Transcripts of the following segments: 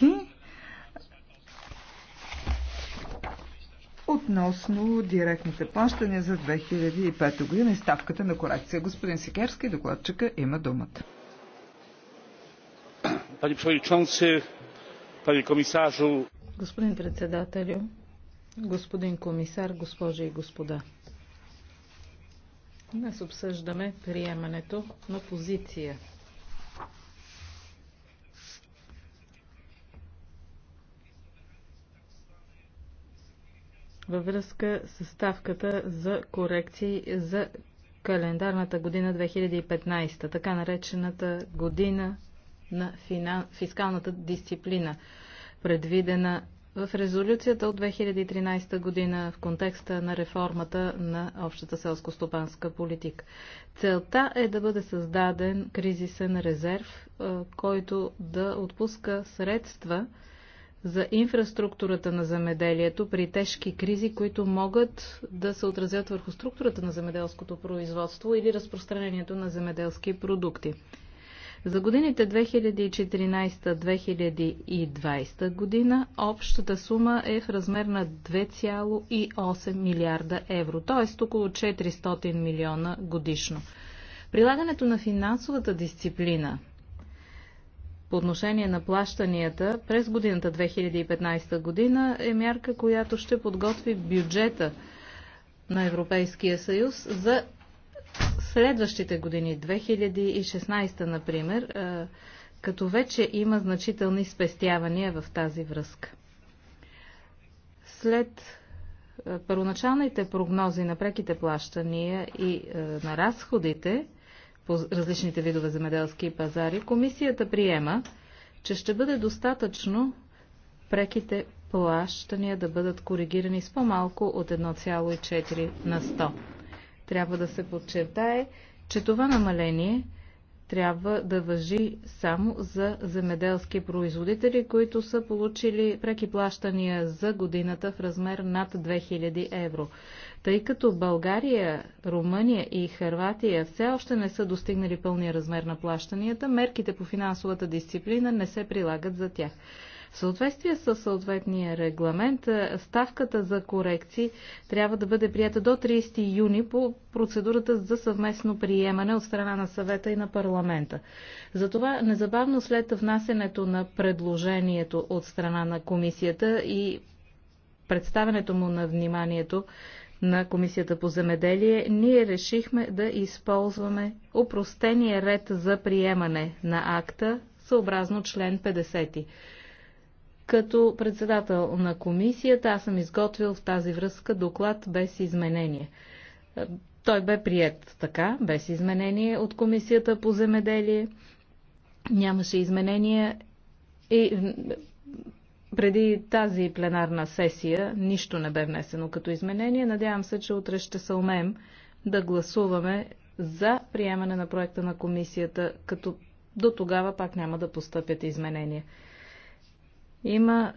бележки относно директните плащания за 2005 година и ставката на корекция. Господин Сикерски, докладчика, има думата. Пани Пшовичонци, Пани Комисажу. Господин председателю, господин комисар, госпожи и господа. Днес обсъждаме приемането на позиция във връзка с ставката за корекции за календарната година 2015, така наречената година на финал... фискалната дисциплина, предвидена в резолюцията от 2013 година в контекста на реформата на общата селско-стопанска политика. Целта е да бъде създаден кризисен резерв, който да отпуска средства за инфраструктурата на земеделието при тежки кризи, които могат да се отразят върху структурата на земеделското производство или разпространението на земеделски продукти. За годините 2014-2020 година общата сума е в размер на 2,8 милиарда евро, т.е. около 400 милиона годишно. Прилагането на финансовата дисциплина по отношение на плащанията през годината 2015 година е мярка, която ще подготви бюджета на Европейския съюз за следващите години, 2016 например, като вече има значителни спестявания в тази връзка. След първоначалните прогнози на преките плащания и на разходите, по различните видове земеделски пазари, комисията приема, че ще бъде достатъчно преките плащания да бъдат коригирани с по-малко от 1,4 на 100. Трябва да се подчертае, че това намаление – трябва да въжи само за земеделски производители, които са получили преки плащания за годината в размер над 2000 евро. Тъй като България, Румъния и Хърватия все още не са достигнали пълния размер на плащанията, мерките по финансовата дисциплина не се прилагат за тях. В съответствие с съответния регламент, е, ставката за корекции трябва да бъде прията до 30 юни по процедурата за съвместно приемане от страна на съвета и на парламента. Затова незабавно след внасенето на предложението от страна на комисията и представенето му на вниманието на Комисията по земеделие, ние решихме да използваме упростения ред за приемане на акта, съобразно член 50. Като председател на комисията аз съм изготвил в тази връзка доклад без изменение. Е, той бе прият така, без изменение от комисията по земеделие. Нямаше изменения и преди тази пленарна сесия нищо не бе внесено като изменение. Надявам се, че утре ще се умеем да гласуваме за приемане на проекта на комисията, като до тогава пак няма да постъпят изменения. Има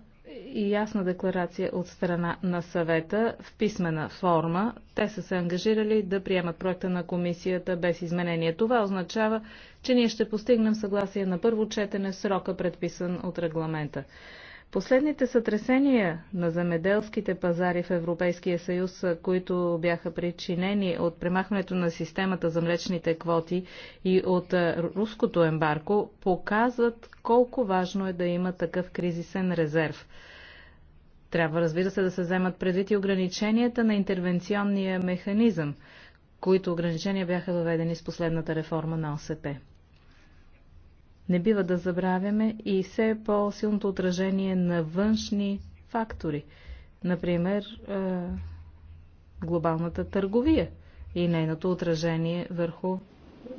и ясна декларация от страна на съвета в писмена форма. Те са се ангажирали да приемат проекта на комисията без изменение. Това означава, че ние ще постигнем съгласие на първо четене срока, предписан от регламента. Последните сътресения на замеделските пазари в Европейския съюз, които бяха причинени от премахването на системата за млечните квоти и от руското ембарко, показват колко важно е да има такъв кризисен резерв. Трябва, разбира се, да се вземат предвид и ограниченията на интервенционния механизъм, които ограничения бяха въведени с последната реформа на ОСП. Не бива да забравяме и все по-силното отражение на външни фактори. Например, е, глобалната търговия и нейното отражение върху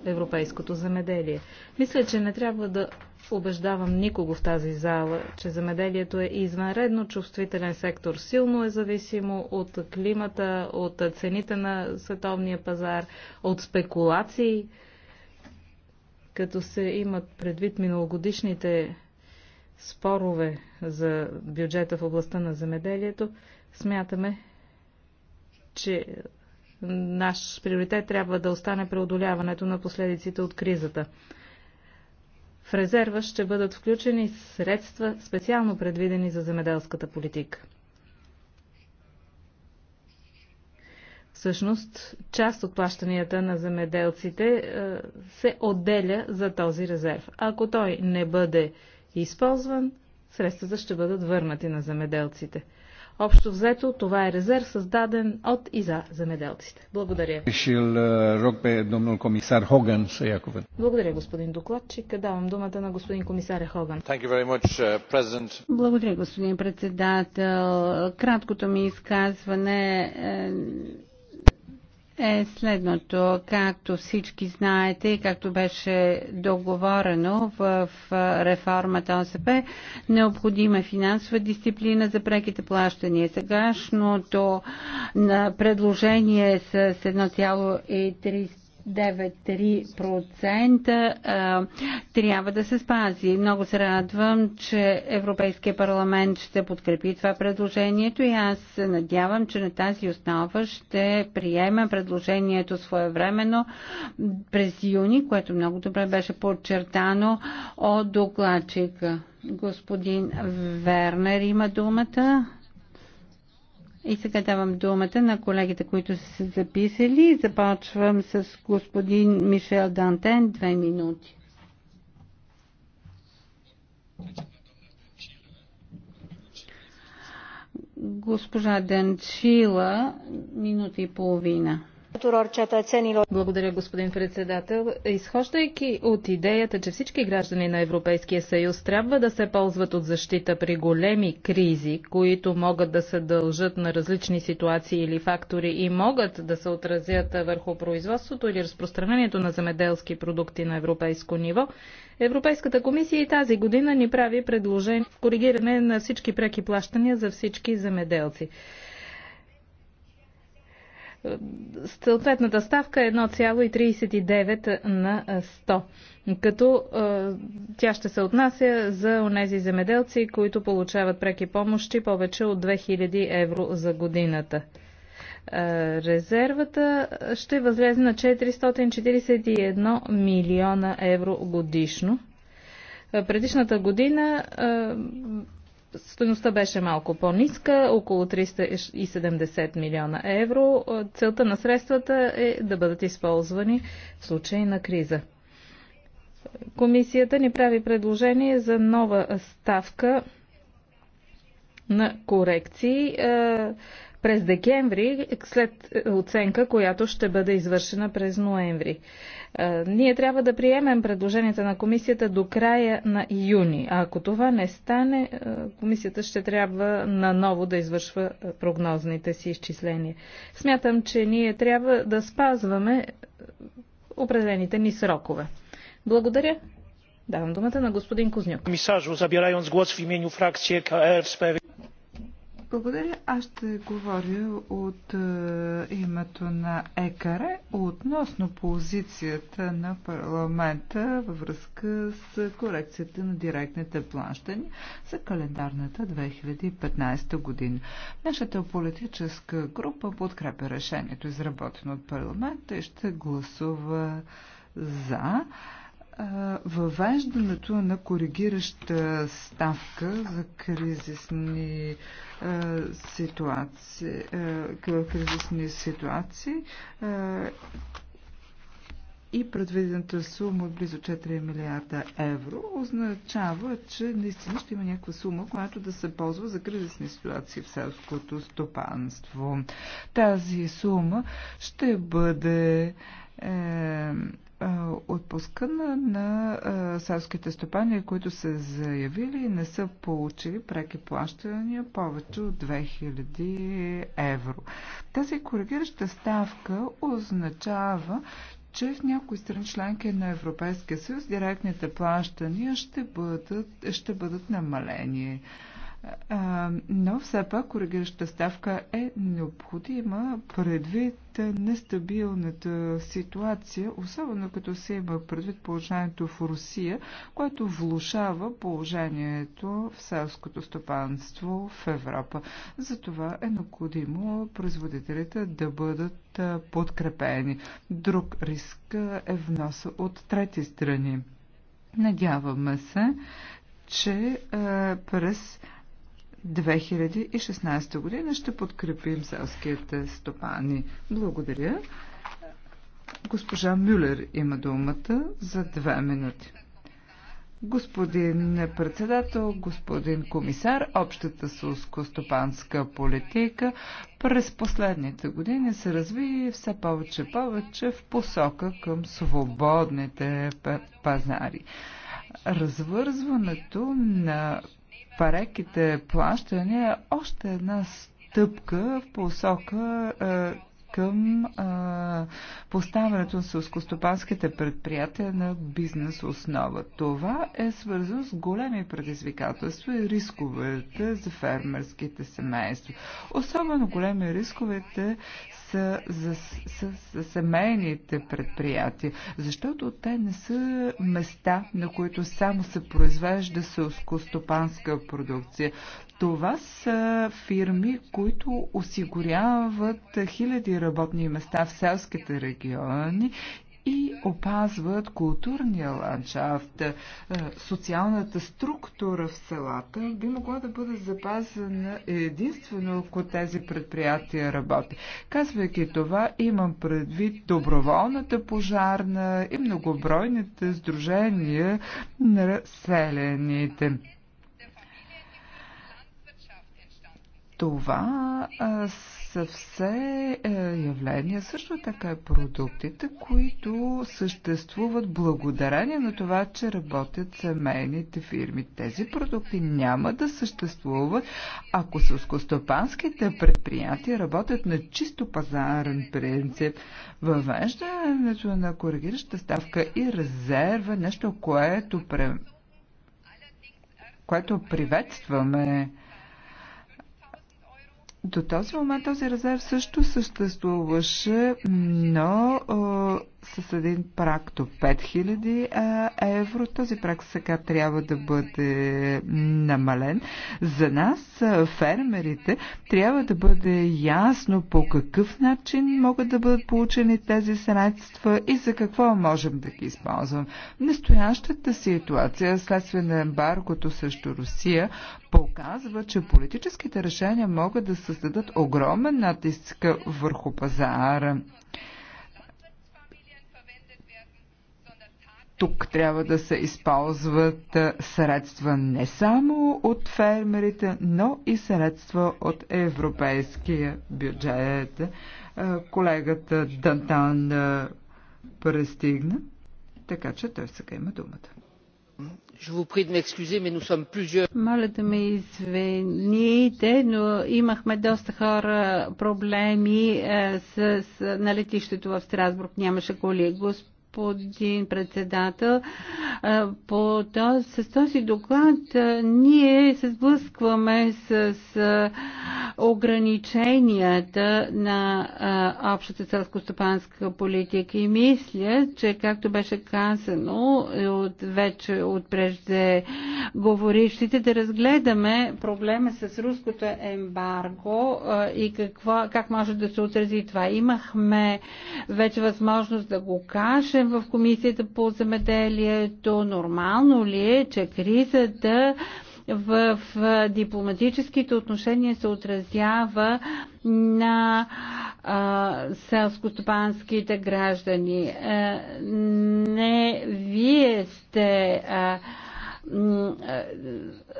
европейското земеделие. Мисля, че не трябва да убеждавам никого в тази зала, че замеделието е извънредно чувствителен сектор. Силно е зависимо от климата, от цените на световния пазар, от спекулации като се имат предвид миналогодишните спорове за бюджета в областта на земеделието, смятаме, че наш приоритет трябва да остане преодоляването на последиците от кризата. В резерва ще бъдат включени средства специално предвидени за земеделската политика. всъщност част от плащанията на земеделците е, се отделя за този резерв. Ако той не бъде използван, средствата ще бъдат върнати на земеделците. Общо взето, това е резерв създаден от и за земеделците. Благодаря. Е, Благодаря, господин докладчик. Давам думата на господин комисаря Хоган. Е, Благодаря, господин председател. Краткото ми изказване е е следното. Както всички знаете и както беше договорено в реформата ОСП, необходима е финансова дисциплина за преките плащания. Сегашното предложение с 1,3 9,3% трябва да се спази. Много се радвам, че Европейския парламент ще подкрепи това предложението и аз се надявам, че на тази основа ще приема предложението своевременно през юни, което много добре беше подчертано от докладчика. Господин Вернер има думата. И сега давам думата на колегите, които са се записали. Започвам с господин Мишел Дантен. Две минути. Госпожа Данчила, минута и половина. Благодаря, господин председател. Изхождайки от идеята, че всички граждани на Европейския съюз трябва да се ползват от защита при големи кризи, които могат да се дължат на различни ситуации или фактори и могат да се отразят върху производството или разпространението на земеделски продукти на европейско ниво, Европейската комисия и тази година ни прави предложение в коригиране на всички преки плащания за всички земеделци. Съответната ставка е 1,39 на 100, като е, тя ще се отнася за онези земеделци, които получават преки помощи повече от 2000 евро за годината. Е, резервата ще възлезе на 441 милиона евро годишно. Е, предишната година Стоеността беше малко по-ниска, около 370 милиона евро. Целта на средствата е да бъдат използвани в случай на криза. Комисията ни прави предложение за нова ставка на корекции е, през декември, след оценка, която ще бъде извършена през ноември. Е, ние трябва да приемем предложенията на комисията до края на юни. А ако това не стане, е, комисията ще трябва наново да извършва е, прогнозните си изчисления. Смятам, че ние трябва да спазваме определените ни срокове. Благодаря. Давам думата на господин Кузнюк. Комисарzu, zabierając głos w imieniu frakcji EKR w благодаря. Аз ще говоря от е, името на ЕКАРЕ относно позицията на парламента във връзка с корекцията на директните плащания за календарната 2015 година. Нашата политическа група подкрепя решението, изработено от парламента и ще гласува за е, въвеждането на коригираща ставка за кризисни ситуации, кризисни ситуации и предвидената сума от близо 4 милиарда евро означава, че наистина ще има някаква сума, която да се ползва за кризисни ситуации в селското стопанство. Тази сума ще бъде е, отпускана на селските стопани, които са заявили и не са получили преки плащания повече от 2000 евро. Тази коригираща ставка означава, че в някои страни членки на Европейския съюз директните плащания ще бъдат, ще бъдат намалени но все пак коригираща ставка е необходима предвид нестабилната ситуация, особено като се има предвид положението в Русия, което влушава положението в селското стопанство в Европа. Затова е необходимо производителите да бъдат подкрепени. Друг риск е вноса от трети страни. Надяваме се, че през 2016 година ще подкрепим селските стопани. Благодаря. Госпожа Мюлер има думата за две минути. Господин председател, господин комисар, общата сулско стопанска политика през последните години се разви все повече повече в посока към свободните пазари. Развързването на пареките плащания е още една стъпка в посока е, към а, поставянето на селскостопанските предприятия на бизнес основа. Това е свързано с големи предизвикателства и рисковете за фермерските семейства. Особено големи рисковете са за, са, за семейните предприятия, защото те не са места, на които само се произвежда селскостопанска продукция. Това са фирми, които осигуряват хиляди работни места в селските региони и опазват културния ландшафт, е, социалната структура в селата би могла да бъде запазена единствено, ако тези предприятия работи. Казвайки това, имам предвид доброволната пожарна и многобройните сдружения на селените. Това а, са все е, явления, също така и продуктите, които съществуват благодарение на това, че работят семейните фирми. Тези продукти няма да съществуват, ако сълскостопанските предприятия работят на чисто пазарен принцип. Въвеждането на коригираща ставка и резерва, нещо, което, пре... което приветстваме до този момент този резерв също съществуваше, но с един прак до 5000 евро. Този прак сега трябва да бъде намален. За нас, фермерите, трябва да бъде ясно по какъв начин могат да бъдат получени тези средства и за какво можем да ги използвам. Настоящата ситуация, следствие на ембаргото срещу Русия, показва, че политическите решения могат да създадат огромен натиск върху пазара. тук трябва да се използват средства не само от фермерите, но и средства от европейския бюджет. Колегата Дантан престигна, така че той сега има думата. Моля да ме извините, но имахме доста хора проблеми с, с, на летището в Страсбург. Нямаше коли. Госп господин председател. По този, с този доклад ние се сблъскваме с, с ограниченията на а, общата селскостопанска политика и мисля, че както беше казано от, вече от прежде говорищите, да разгледаме проблема с руското ембарго а, и какво, как може да се отрази това. Имахме вече възможност да го кажем работим в Комисията по земеделието? Нормално ли е, че кризата в дипломатическите отношения се отразява на селскостопанските граждани. А, не вие сте а, е,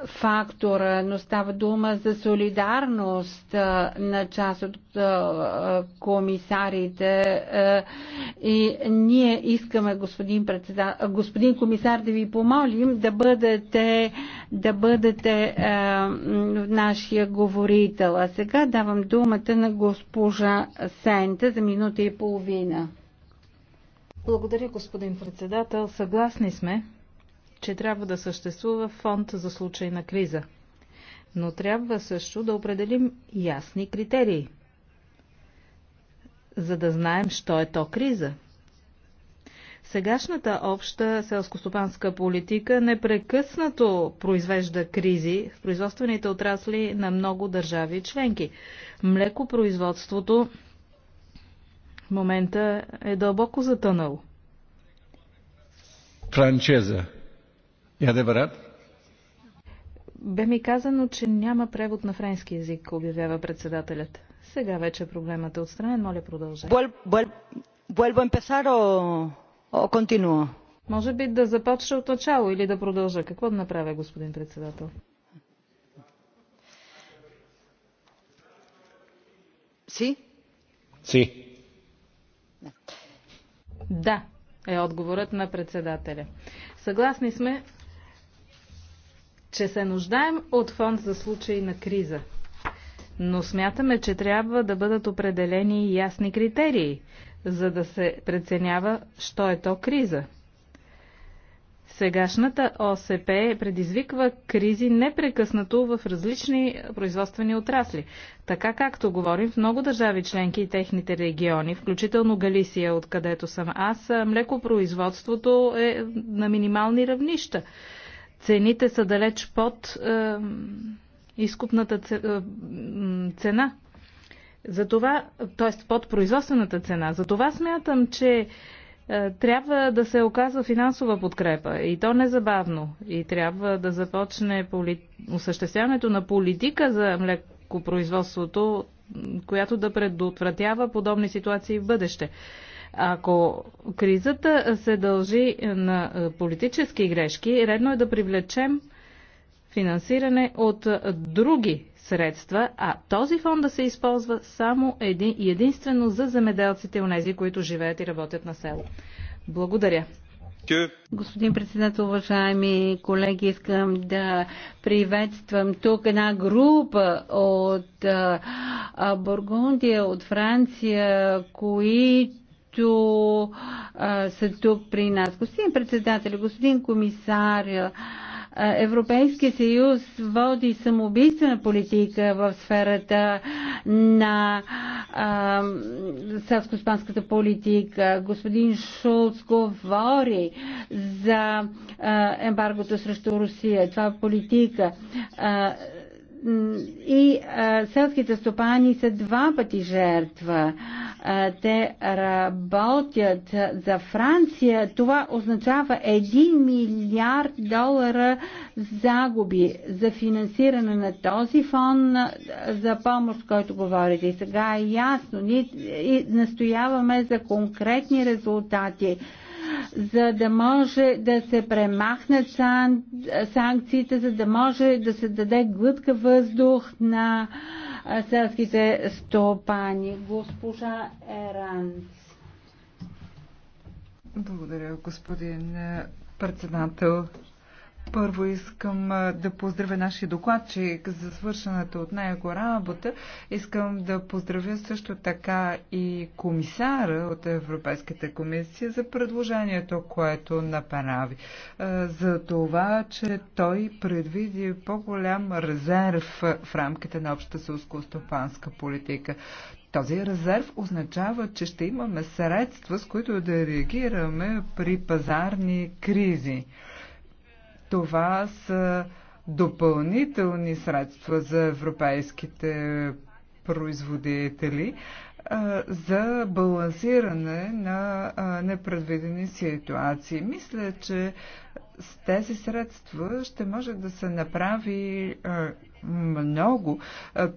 фактора, но става дума за солидарност е, на част от е, комисарите и ние искаме, господин, председа... господин комисар, да ви помолим да бъдете, да бъдете нашия говорител. А сега давам думата на госпожа Сента за минута и половина. Благодаря, господин председател. Съгласни сме, че трябва да съществува фонд за случай на криза. Но трябва също да определим ясни критерии, за да знаем, що е то криза. Сегашната обща селскостопанска политика непрекъснато произвежда кризи в производствените отрасли на много държави и членки. Млекопроизводството в момента е дълбоко затънало. Франчеза. Бе ми казано, че няма превод на френски язик, обявява председателят. Сега вече проблемът е отстранен. Моля, продължа. Може би да започна от начало или да продължа. Какво да направя, господин председател? Си? Си. Да, е отговорът на председателя. Съгласни сме че се нуждаем от фонд за случаи на криза. Но смятаме, че трябва да бъдат определени ясни критерии, за да се преценява, що е то криза. Сегашната ОСП предизвиква кризи непрекъснато в различни производствени отрасли. Така както говорим в много държави членки и техните региони, включително Галисия, откъдето съм аз, млекопроизводството е на минимални равнища цените са далеч под е, изкупната цена. Затова, т.е. под производствената цена. Затова смятам, че е, трябва да се оказва финансова подкрепа и то незабавно. И трябва да започне поли... осъществяването на политика за млекопроизводството, която да предотвратява подобни ситуации в бъдеще. Ако кризата се дължи на е, политически грешки, редно е да привлечем финансиране от е, други средства, а този фонд да се използва само един, единствено за земеделците у нези, които живеят и работят на село. Благодаря. Господин председател, уважаеми колеги, искам да приветствам тук една група от е, Бургундия, от Франция, които които а, са тук при нас. Господин председател, господин комисар, Европейския съюз води самоубийствена политика в сферата на селско-испанската политика. Господин Шулц говори за а, ембаргото срещу Русия. Това е политика. А, и а, селските стопани са два пъти жертва. А, те работят за Франция. Това означава 1 милиард долара загуби за финансиране на този фон за помощ, който говорите. И сега е ясно. Ние настояваме за конкретни резултати за да може да се премахнат сан, санкциите, за да може да се даде глътка въздух на селските стопани. Госпожа Еранц. Благодаря, господин председател. Първо искам да поздравя нашия докладчик за свършената от него работа. Искам да поздравя също така и комисара от Европейската комисия за предложението, което направи. За това, че той предвиди по-голям резерв в рамките на общата селско-стопанска политика. Този резерв означава, че ще имаме средства, с които да реагираме при пазарни кризи. Това са допълнителни средства за европейските производители за балансиране на непредвидени ситуации. Мисля, че с тези средства ще може да се направи много,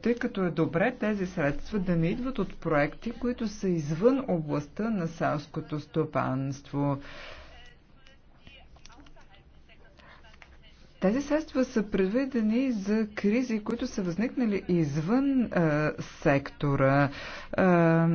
тъй като е добре тези средства да не идват от проекти, които са извън областта на селското стопанство. Тези средства са предвидени за кризи, които са възникнали извън а, сектора. А,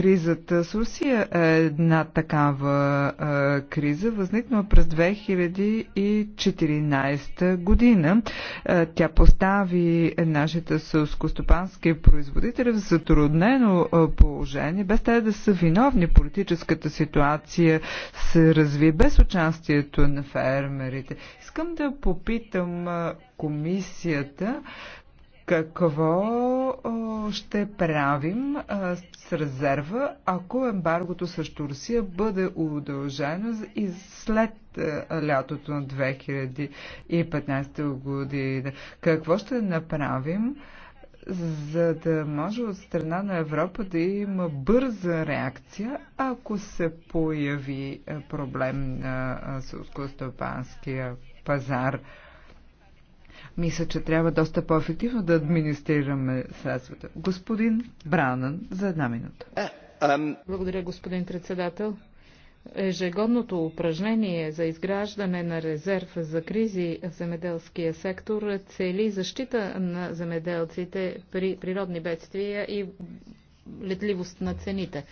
Кризата с Русия е една такава а, криза, възникнала през 2014 година. А, тя постави нашите сълскостопански производители в затруднено положение, без те да са виновни. Политическата ситуация се разви без участието на фермерите. Искам да попитам комисията какво ще правим с резерва, ако ембаргото срещу Русия бъде удължено и след лятото на 2015 година? Какво ще направим, за да може от страна на Европа да има бърза реакция, ако се появи проблем на селско-стопанския пазар? Мисля, че трябва доста по-ефективно да администрираме средствата. Господин Бранан, за една минута. Е, Благодаря, господин председател. Ежегодното упражнение за изграждане на резерв за кризи в земеделския сектор цели защита на земеделците при природни бедствия и летливост на цените.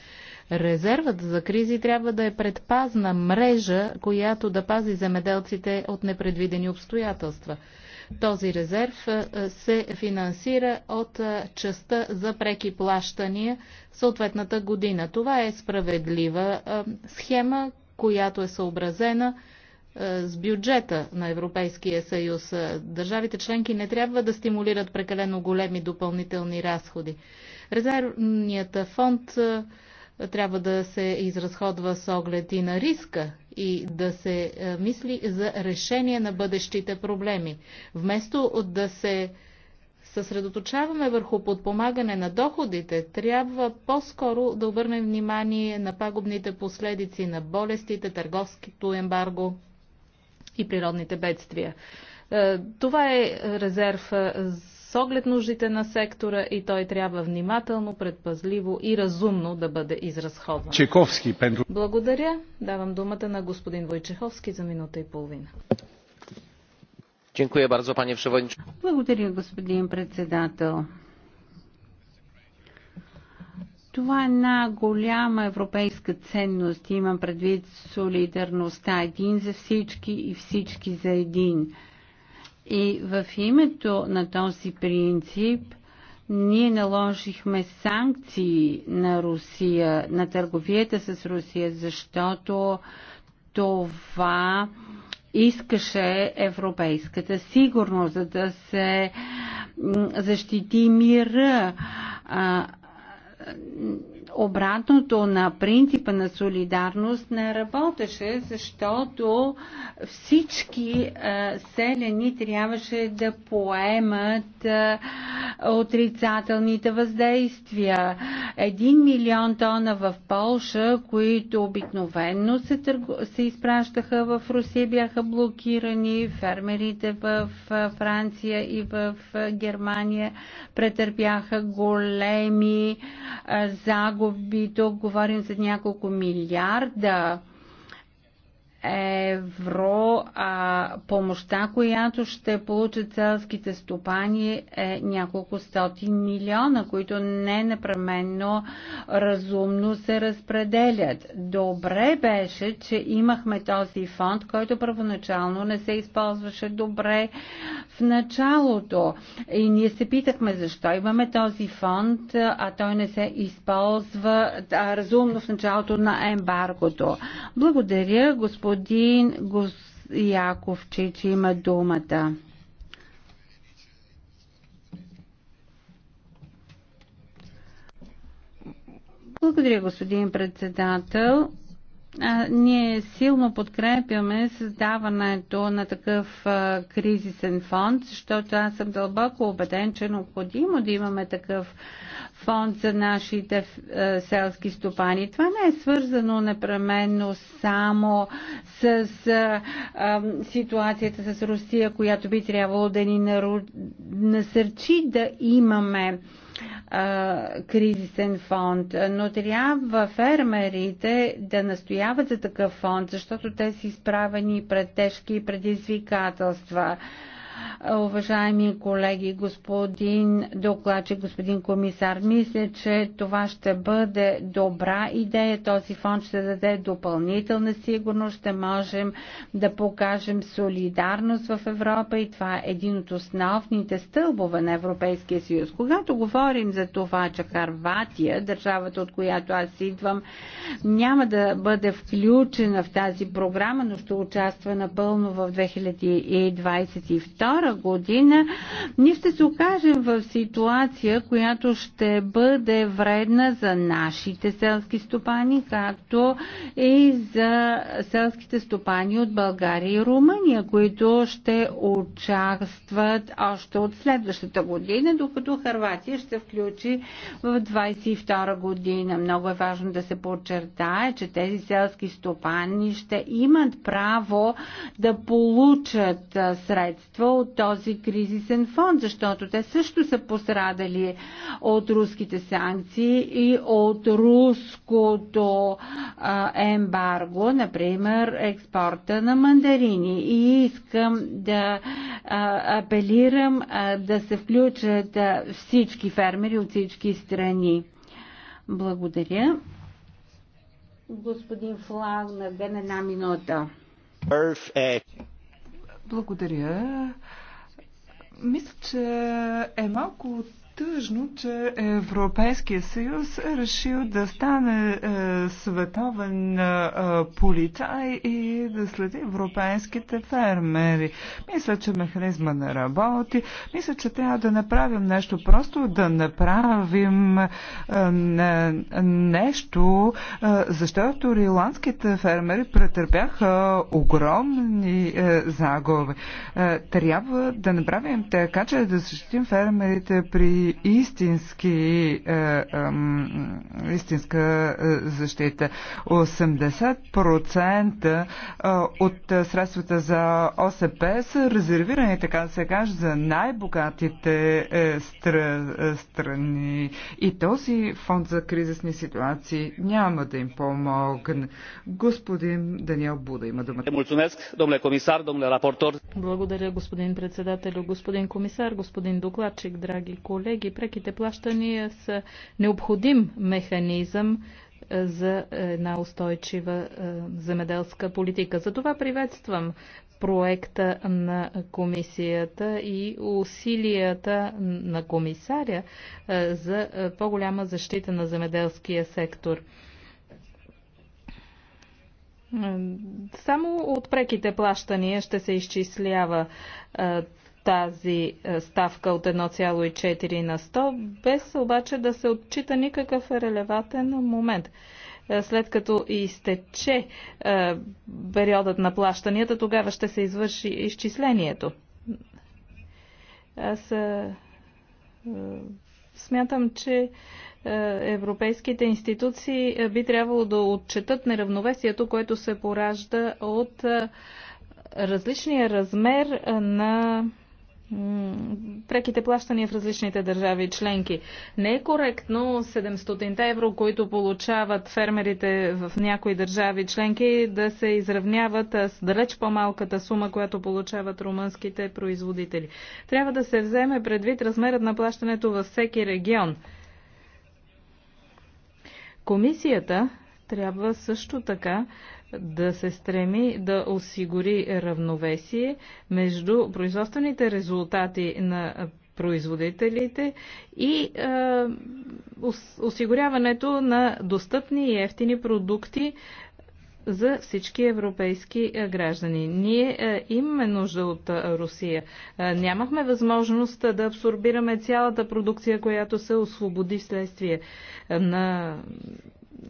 Резервът за кризи трябва да е предпазна мрежа, която да пази земеделците от непредвидени обстоятелства. Този резерв се финансира от частта за преки плащания в съответната година. Това е справедлива схема, която е съобразена с бюджета на Европейския съюз. Държавите членки не трябва да стимулират прекалено големи допълнителни разходи. Резервният фонд трябва да се изразходва с оглед и на риска и да се е, мисли за решение на бъдещите проблеми. Вместо да се съсредоточаваме върху подпомагане на доходите, трябва по-скоро да обърнем внимание на пагубните последици на болестите, търговското ембарго и природните бедствия. Е, това е резерв е, оглед нуждите на сектора и той трябва внимателно, предпазливо и разумно да бъде изразходван. Чековски, пентру... Благодаря. Давам думата на господин Войчеховски за минута и половина. Благодаря, господин председател. Това е една голяма европейска ценност. Имам предвид солидарността. Един за всички и всички за един. И в името на този принцип ние наложихме санкции на Русия, на търговията с Русия, защото това искаше европейската сигурност, за да се защити мира обратното на принципа на солидарност не работеше, защото всички е, селени трябваше да поемат е, отрицателните въздействия. Един милион тона в Полша, които обикновенно се, търгу... се изпращаха в Русия, бяха блокирани. Фермерите в е, Франция и в Германия претърпяха големи загуби загуби. Тук говорим за няколко милиарда евро, а помощта, която ще получат селските стопани е няколко стоти милиона, които не непременно разумно се разпределят. Добре беше, че имахме този фонд, който първоначално не се използваше добре в началото. И ние се питахме защо имаме този фонд, а той не се използва разумно в началото на ембаргото. Благодаря, господин Господин Яковчич има думата. Благодаря, господин председател ние силно подкрепяме създаването на такъв кризисен фонд, защото аз съм дълбоко убеден, че е необходимо да имаме такъв фонд за нашите селски стопани. Това не е свързано непременно само с ситуацията с Русия, която би трябвало да ни насърчи да имаме а, кризисен фонд, но трябва фермерите да настояват за такъв фонд, защото те са изправени пред тежки предизвикателства. Уважаеми колеги, господин докладчик, господин комисар, мисля, че това ще бъде добра идея. Този фонд ще даде допълнителна сигурност, ще можем да покажем солидарност в Европа и това е един от основните стълбове на Европейския съюз. Когато говорим за това, че Харватия, държавата от която аз идвам, няма да бъде включена в тази програма, но ще участва напълно в 2022 2022 година, ние ще се окажем в ситуация, която ще бъде вредна за нашите селски стопани, както и за селските стопани от България и Румъния, които ще участват още от следващата година, докато Харватия ще включи в 2022 година. Много е важно да се подчертае, че тези селски стопани ще имат право да получат средства от този кризисен фонд, защото те също са пострадали от руските санкции и от руското ембарго, например експорта на мандарини. И искам да апелирам да се включат всички фермери от всички страни. Благодаря. Господин Флаг, на една минута. Perfect. Благодаря. Мисля, че е малко тъжно, че Европейския съюз е решил да стане е, световен е, полицай и да следи европейските фермери. Мисля, че механизма не работи. Мисля, че трябва да направим нещо. Просто да направим е, нещо, е, защото риландските фермери претърпяха огромни е, загуби. Е, трябва да направим така, че да защитим фермерите при истински, е, истинска е, защита. 80% е, от средствата за ОСП са резервирани, така да се каже, за най-богатите стра, страни. И този фонд за кризисни ситуации няма да им помогне. Господин Даниел Буда има думата. Благодаря, господин председател, господин комисар, господин докладчик, драги колеги колеги, преките плащания са необходим механизъм е, за една устойчива е, земеделска политика. Затова приветствам проекта на комисията и усилията на комисаря е, за по-голяма защита на земеделския сектор. Само от преките плащания ще се изчислява тази е, ставка от 1,4 на 100, без обаче да се отчита никакъв релеватен момент. Е, след като изтече е, периодът на плащанията, тогава ще се извърши изчислението. Аз смятам, че европейските институции би трябвало да отчетат неравновесието, което се поражда от различния размер на преките плащания в различните държави членки. Не е коректно 700 евро, които получават фермерите в някои държави членки, да се изравняват с далеч по-малката сума, която получават румънските производители. Трябва да се вземе предвид размерът на плащането във всеки регион. Комисията трябва също така да се стреми да осигури равновесие между производствените резултати на производителите и е, осигуряването на достъпни и ефтини продукти за всички европейски граждани. Ние имаме нужда от Русия. Нямахме възможност да абсорбираме цялата продукция, която се освободи вследствие на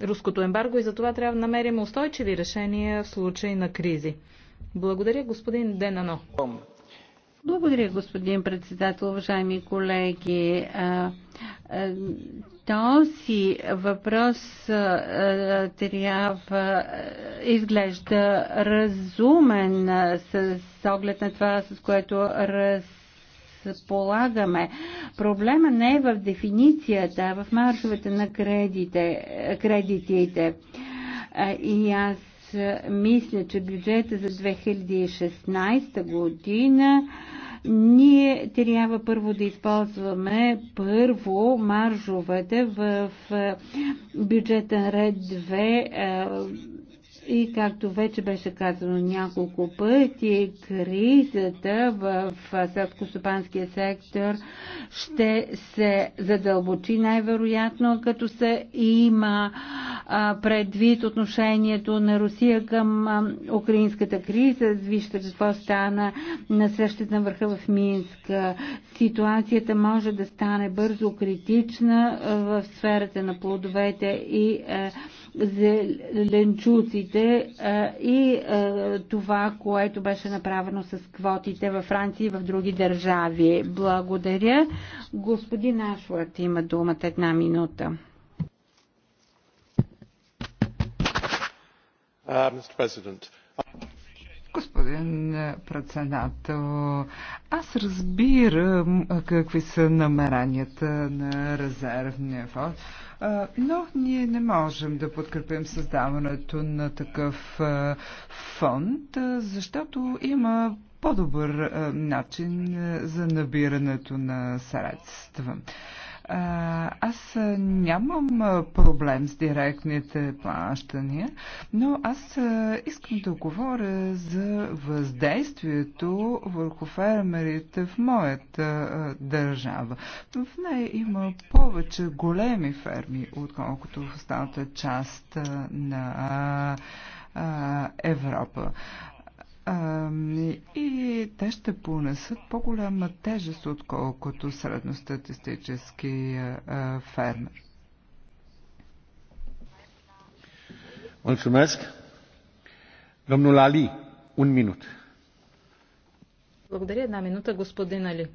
руското ембарго и за това трябва да намерим устойчиви решения в случай на кризи. Благодаря, господин Денано. Благодаря, господин председател, уважаеми колеги. Този въпрос трябва изглежда разумен с оглед на това, с което раз разполагаме. Проблема не е в дефиницията, а в маршовете на кредите, кредитите. И аз мисля, че бюджета за 2016 година ние трябва първо да използваме първо маржовете в бюджетен ред 2 и както вече беше казано няколко пъти, кризата в селскостопанския сектор ще се задълбочи най-вероятно, като се има предвид отношението на Русия към украинската криза. Вижте какво стана на срещата на върха в Минск. Ситуацията може да стане бързо критична в сферата на плодовете и зеленчуците е, и е, това, което беше направено с квотите във Франция и в други държави. Благодаря. Господин Ашвард има думата една минута. Uh, Господин е, председател, аз разбирам е, какви са намеранията на резервния фонд, е, но ние не можем да подкрепим създаването на такъв фонд, защото има по-добър начин за набирането на средства. Аз нямам проблем с директните плащания, но аз искам да говоря за въздействието върху фермерите в моята държава. В нея има повече големи ферми, отколкото в останата част на Европа и те ще понесат по-голяма тежест, отколкото средностатистически фермер. Али, un Благодаря. Една минута, господин Али.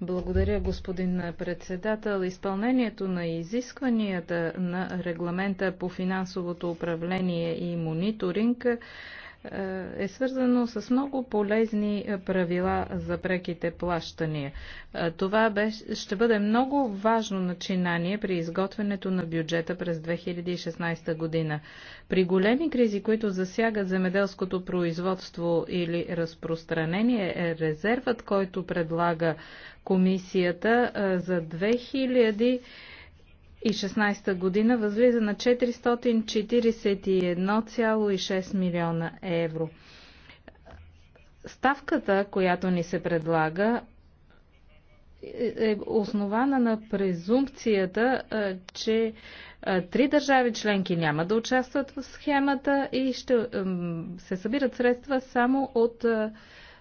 Благодаря, господин председател. Изпълнението на изискванията на регламента по финансовото управление и мониторинг е, е свързано с много полезни е, правила за преките плащания. Е, това ще бъде много важно начинание при изготвянето на бюджета през 2016 година. При големи кризи, които засягат земеделското производство или разпространение, е резервът, който предлага комисията за 2000 2016 година възлиза на 441,6 милиона евро. Ставката, която ни се предлага, е основана на презумпцията, че три държави членки няма да участват в схемата и ще се събират средства само от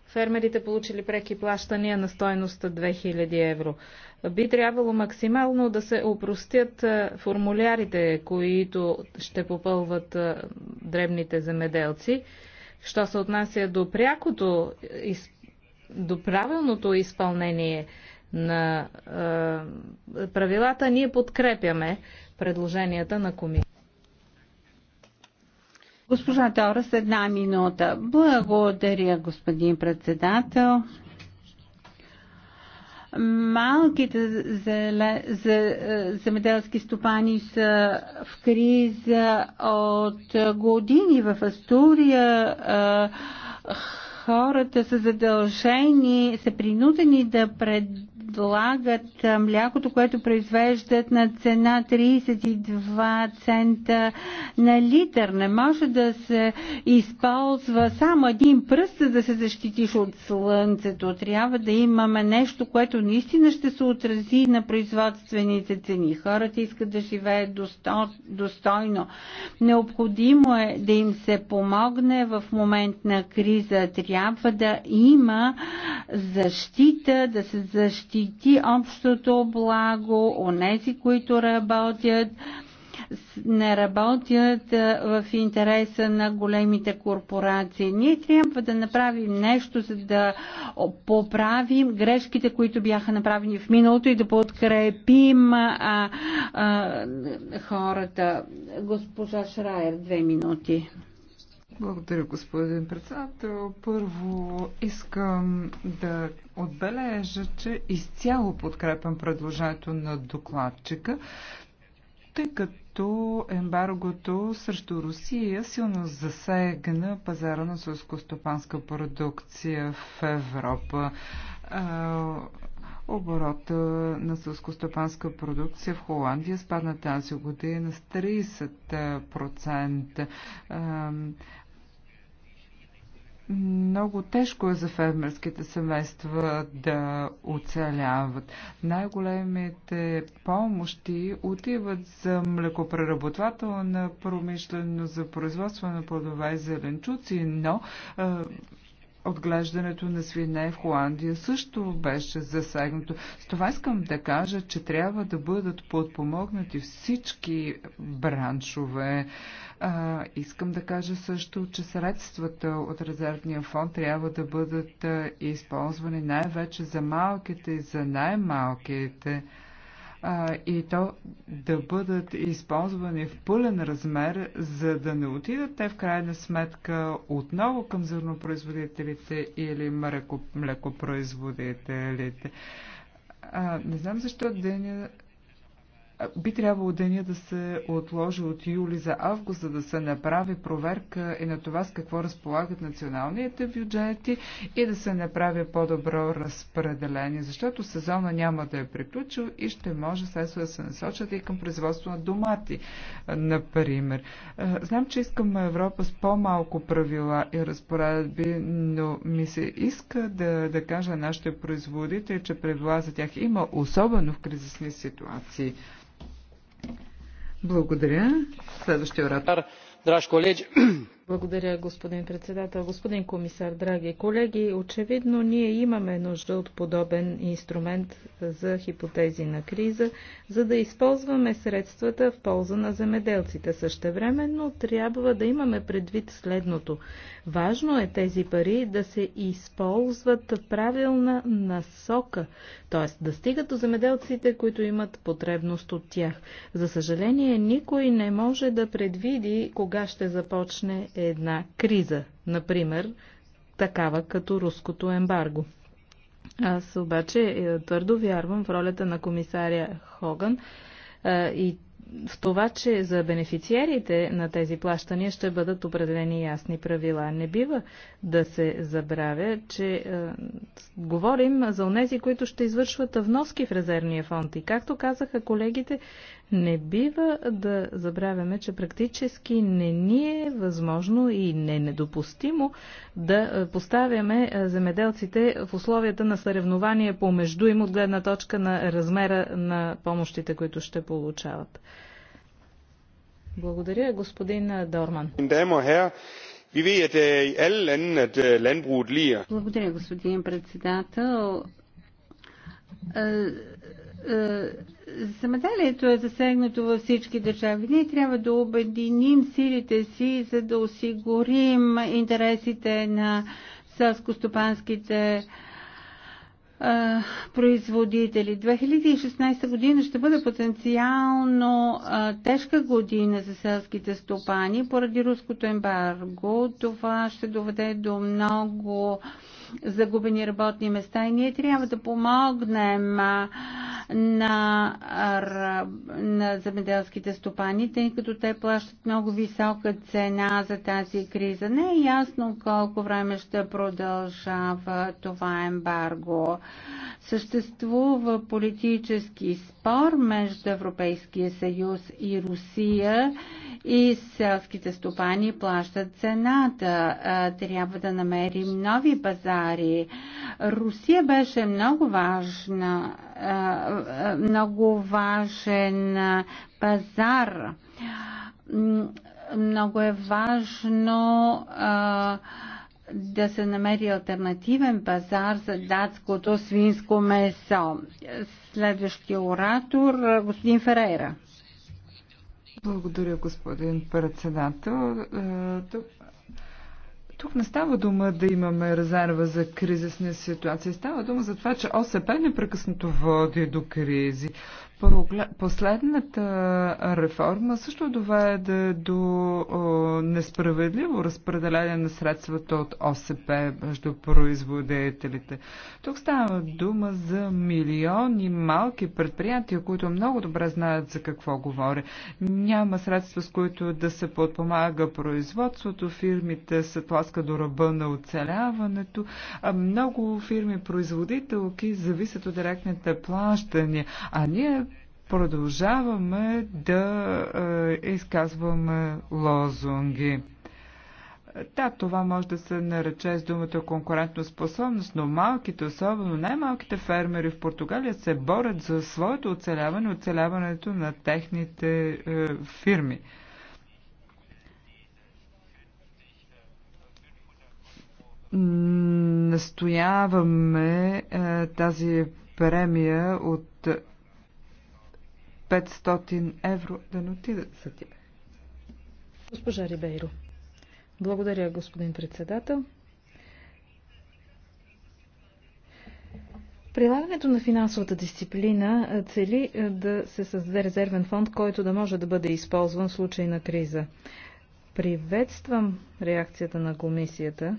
фермерите, получили преки плащания на стоеността 2000 евро би трябвало максимално да се опростят формулярите, които ще попълват дребните земеделци. Що се отнася до прякото, до правилното изпълнение на правилата, ние подкрепяме предложенията на комисията. Госпожа Торас, една минута. Благодаря, господин председател малките е, земеделски стопани са в криза от години в Астурия. Е, хората са задължени, са принудени да пред подлагат млякото, което произвеждат на цена 32 цента на литър. Не може да се използва само един пръст, за да се защитиш от слънцето. Трябва да имаме нещо, което наистина ще се отрази на производствените цени. Хората искат да живеят досто... достойно. Необходимо е да им се помогне в момент на криза. Трябва да има защита, да се защити защити общото благо, онези, които работят, не работят в интереса на големите корпорации. Ние трябва да направим нещо, за да поправим грешките, които бяха направени в миналото и да подкрепим а, а, хората. Госпожа Шраер, две минути. Благодаря, господин председател. Първо искам да отбележа, че изцяло подкрепям предложението на докладчика, тъй като ембаргото срещу Русия силно засегна пазара на сълско-стопанска продукция в Европа оборота на сълскостопанска продукция в Холандия спадна тази година с 30%. Много тежко е за фермерските семейства да оцеляват. Най-големите помощи отиват за млекопреработвателна промишленост, за производство на плодове и зеленчуци, но отглеждането на свине в Холандия също беше засегнато. С това искам да кажа, че трябва да бъдат подпомогнати всички браншове. А, искам да кажа също, че средствата от резервния фонд трябва да бъдат използвани най-вече за малките и за най-малките а, и то да бъдат използвани в пълен размер, за да не отидат те в крайна сметка отново към зърнопроизводителите или млекопроизводителите. А, не знам защо Деня би трябвало деня да се отложи от юли за август, за да се направи проверка и на това с какво разполагат националните бюджети и да се направи по-добро разпределение, защото сезона няма да е приключил и ще може следва да се насочат и към производство на домати, например. Знам, че искам Европа с по-малко правила и разпоредби, но ми се иска да, да кажа нашите производители, че правила за тях има, особено в кризисни ситуации. Благодаря. Следващия оратор. Драж колеги, благодаря, господин председател. Господин комисар, драги колеги, очевидно ние имаме нужда от подобен инструмент за хипотези на криза, за да използваме средствата в полза на земеделците. Същевременно трябва да имаме предвид следното. Важно е тези пари да се използват правилна насока, т.е. да стигат до земеделците, които имат потребност от тях. За съжаление, никой не може да предвиди кога ще започне една криза, например такава като руското ембарго. Аз обаче е, твърдо вярвам в ролята на комисаря Хоган е, и в това, че за бенефициерите на тези плащания ще бъдат определени ясни правила. Не бива да се забравя, че е, говорим за онези, които ще извършват вноски в резервния фонд. И както казаха колегите, не бива да забравяме, че практически не ни е възможно и не е недопустимо да е, поставяме е, земеделците в условията на съревнование помежду им от гледна точка на размера на помощите, които ще получават. Благодаря, господин Дорман. Благодаря, господин председател. Е, Замеделието е засегнато във всички държави. Ние трябва да обединим силите си, за да осигурим интересите на селско-стопанските е, производители. 2016 година ще бъде потенциално а, е, тежка година за селските стопани поради руското ембарго. Това ще доведе до много загубени работни места и ние трябва да помогнем а, на, на земеделските стопани, тъй като те плащат много висока цена за тази криза. Не е ясно колко време ще продължава това ембарго. Съществува политически спор между Европейския съюз и Русия и селските стопани плащат цената. Трябва да намерим нови пазари. Русия беше много важна, много важен пазар. Много е важно да се намери альтернативен пазар за датското свинско месо. Следващия оратор, господин Ферейра. Благодаря, господин председател. Е, тук не става дума да имаме резерва за кризисни ситуации. Става дума за това, че ОСП непрекъснато води до кризи. Последната реформа също доведе до несправедливо разпределение на средствата от ОСП между производителите. Тук става дума за милиони малки предприятия, които много добре знаят за какво говоря. Няма средства, с които да се подпомага производството, фирмите се тласка до ръба на оцеляването. Много фирми-производителки зависят от директните плащания, а ние продължаваме да е, изказваме лозунги. Да, това може да се нарече с думата конкурентоспособност, но малките, особено най-малките фермери в Португалия се борят за своето оцеляване, оцеляването на техните е, фирми. Настояваме е, тази премия от 500 евро да не отидат за тях. Госпожа Рибейро. Благодаря, господин председател. Прилагането на финансовата дисциплина цели да се създаде резервен фонд, който да може да бъде използван в случай на криза. Приветствам реакцията на комисията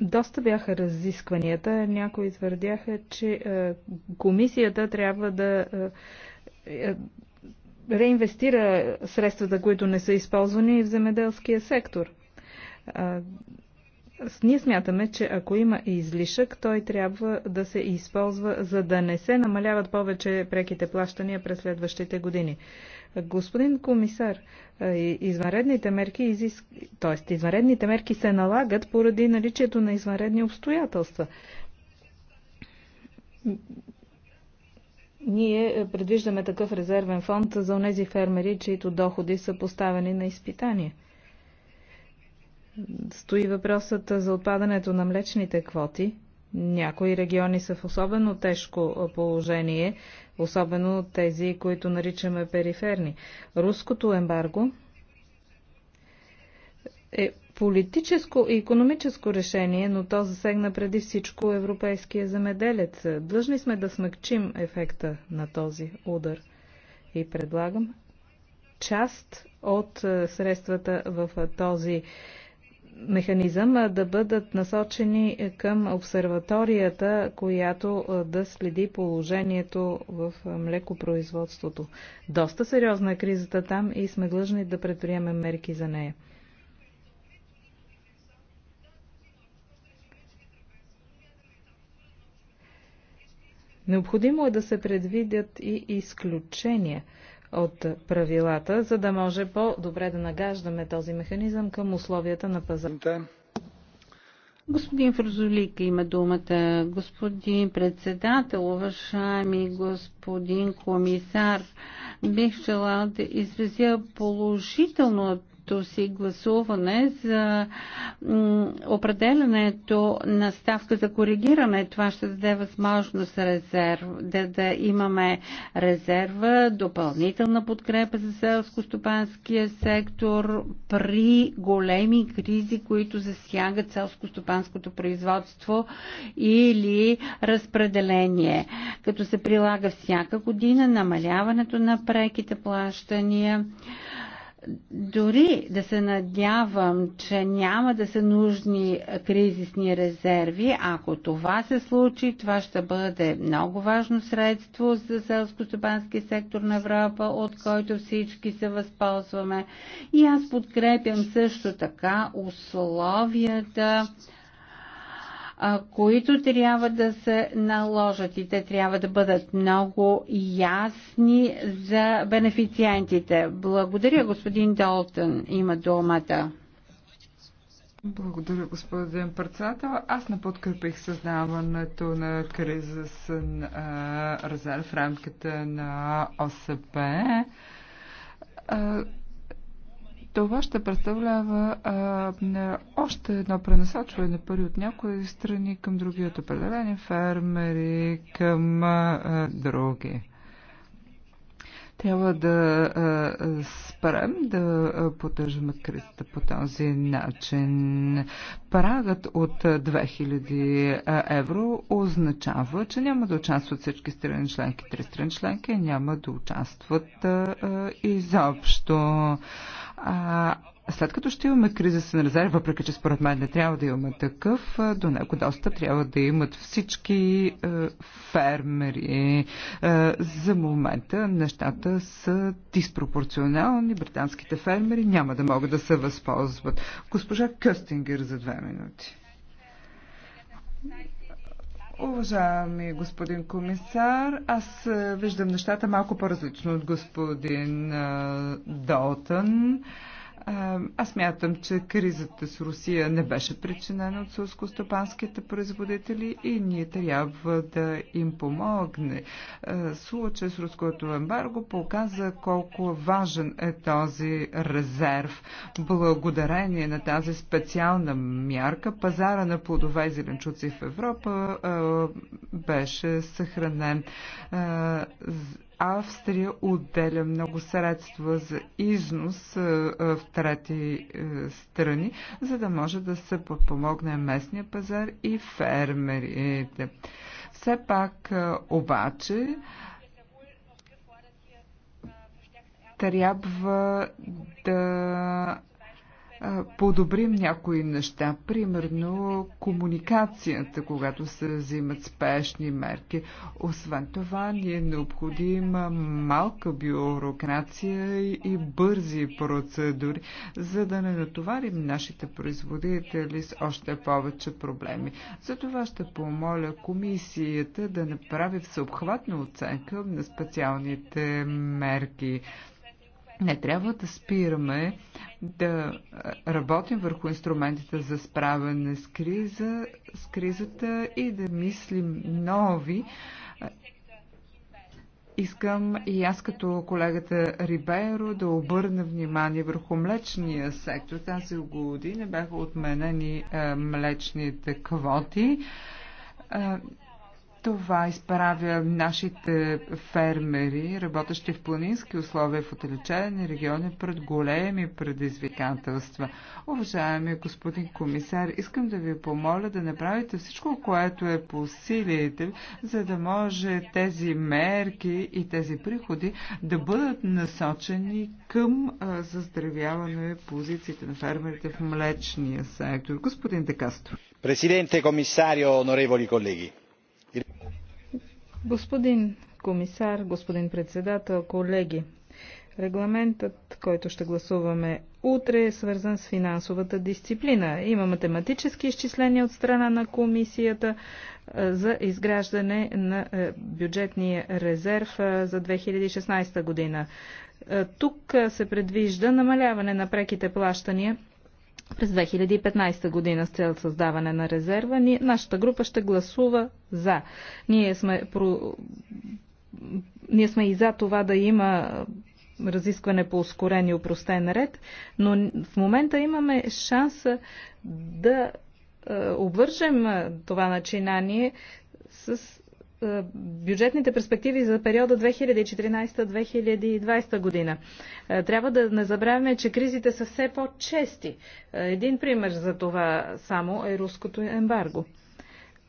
Доста бяха разискванията. Някои твърдяха, че е, комисията трябва да е, е, реинвестира средствата, които не са използвани в земеделския сектор. Ние смятаме, че ако има излишък, той трябва да се използва, за да не се намаляват повече преките плащания през следващите години. Господин комисар, извънредните мерки, изис... т.е. извънредните мерки се налагат поради наличието на извънредни обстоятелства. Ние е, предвиждаме такъв резервен фонд за тези фермери, чието доходи са поставени на изпитание. Стои въпросът за отпадането на млечните квоти – някои региони са в особено тежко положение, особено тези, които наричаме периферни. Руското ембарго е политическо и економическо решение, но то засегна преди всичко европейския земеделец. Длъжни сме да смъкчим ефекта на този удар. И предлагам част от е, средствата в е, този механизъм да бъдат насочени е, към обсерваторията, която да следи положението в млекопроизводството. Доста сериозна е кризата там и сме длъжни да предприемем мерки за нея. Необходимо е да се предвидят и изключения – от правилата, за да може по-добре да нагаждаме този механизъм към условията на пазарите. Господин Фрозолика има думата. Господин председател, уважаеми господин комисар, бих желал да изразя положително първото си гласуване за определенето на ставка за коригиране. Това ще даде възможност резерв, да, да имаме резерва, допълнителна подкрепа за селско-стопанския сектор при големи кризи, които засягат селско-стопанското производство или разпределение. Като се прилага всяка година намаляването на преките плащания, дори да се надявам, че няма да са нужни кризисни резерви, ако това се случи, това ще бъде много важно средство за селско-стопански сектор на Европа, от който всички се възползваме. И аз подкрепям също така условията които трябва да се наложат и те трябва да бъдат много ясни за бенефициентите. Благодаря, господин Долтън. Има думата. Благодаря, господин председател. Аз не подкрепих създаването на криза резерв в рамките на ОСП. Това ще представлява а, още едно пренасачване на пари от някои страни към други, от определени фермери към а, други. Трябва да а, спрем да поддържаме кризата по този начин. Прагът от 2000 евро означава, че няма да участват всички страни членки, три страни членки, няма да участват а, изобщо. А, след като ще имаме кризисен резерв, въпреки че според мен не трябва да имаме такъв, до него доста трябва да имат всички е, фермери. Е, за момента нещата са диспропорционални. Британските фермери няма да могат да се възползват. Госпожа Къстингер за две минути. Уважаеми господин комисар, аз е, виждам нещата малко по-различно от господин е, Долтън. Аз мятам, че кризата с Русия не беше причинена от сълскостопанските производители и ние трябва да им помогне. Случай с руското ембарго показа колко важен е този резерв. Благодарение на тази специална мярка пазара на плодове и зеленчуци в Европа беше съхранен Австрия отделя много средства за износ в трети страни, за да може да се подпомогне местния пазар и фермерите. Все пак обаче трябва да подобрим някои неща, примерно комуникацията, когато се взимат спешни мерки. Освен това, ни е необходима малка бюрокрация и бързи процедури, за да не натоварим нашите производители с още повече проблеми. За това ще помоля комисията да направи всеобхватна оценка на специалните мерки. Не трябва да спираме да работим върху инструментите за справяне с, криза, с кризата и да мислим нови. Искам и аз като колегата Рибейро да обърна внимание върху млечния сектор. Тази година бяха отменени млечните квоти това изправя нашите фермери, работещи в планински условия в отличаени региони, пред големи предизвикателства. Уважаеми господин комисар, искам да ви помоля да направите всичко, което е по силите, за да може тези мерки и тези приходи да бъдат насочени към заздравяване позициите на фермерите в млечния сектор. Господин Декастро. Президенте, комисарио, оноревали колеги. Господин комисар, господин председател, колеги, регламентът, който ще гласуваме утре, е свързан с финансовата дисциплина. Има математически изчисления от страна на комисията за изграждане на бюджетния резерв за 2016 година. Тук се предвижда намаляване на преките плащания през 2015 година с цел създаване на резерва, ни, нашата група ще гласува за. Ние сме, про... Ние сме и за това да има разискване по ускорен и упростен ред, но в момента имаме шанса да е, обвържем е, това начинание с е, бюджетните перспективи за периода 2014-2020 година. Е, трябва да не забравяме, че кризите са все по-чести. Е, един пример за това само е руското ембарго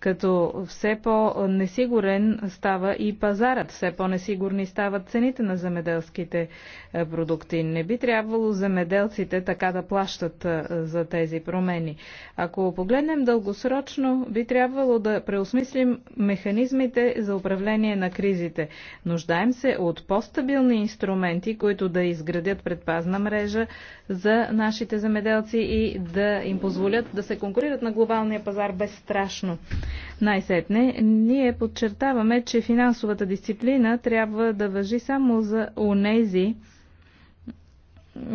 като все по-несигурен става и пазарът, все по-несигурни стават цените на земеделските е, продукти. Не би трябвало земеделците така да плащат е, за тези промени. Ако погледнем дългосрочно, би трябвало да преосмислим механизмите за управление на кризите. Нуждаем се от по-стабилни инструменти, които да изградят предпазна мрежа за нашите земеделци и да им позволят да се конкурират на глобалния пазар безстрашно. Най-сетне, ние подчертаваме, че финансовата дисциплина трябва да въжи само за онези,